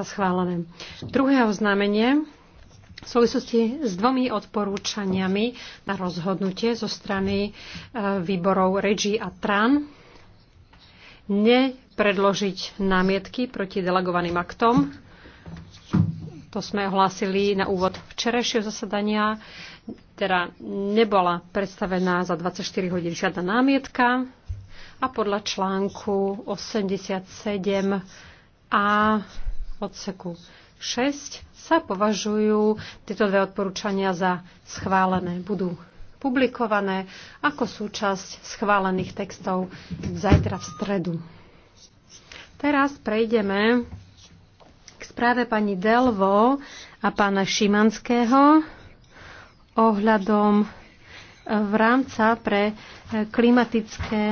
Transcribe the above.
schválené. Druhé oznámenie v súvislosti s dvomi odporúčaniami na rozhodnutie zo strany e, výborov Regi a Tran nepredložiť námietky proti delegovaným aktom. To sme ohlásili na úvod včerajšieho zasadania. Teda nebola predstavená za 24 hodín žiadna námietka a podľa článku 87 a odseku 6 sa považujú tieto dve odporúčania za schválené. Budú publikované ako súčasť schválených textov zajtra v stredu. Teraz prejdeme k správe pani Delvo a pána Šimanského ohľadom v rámca pre klimatické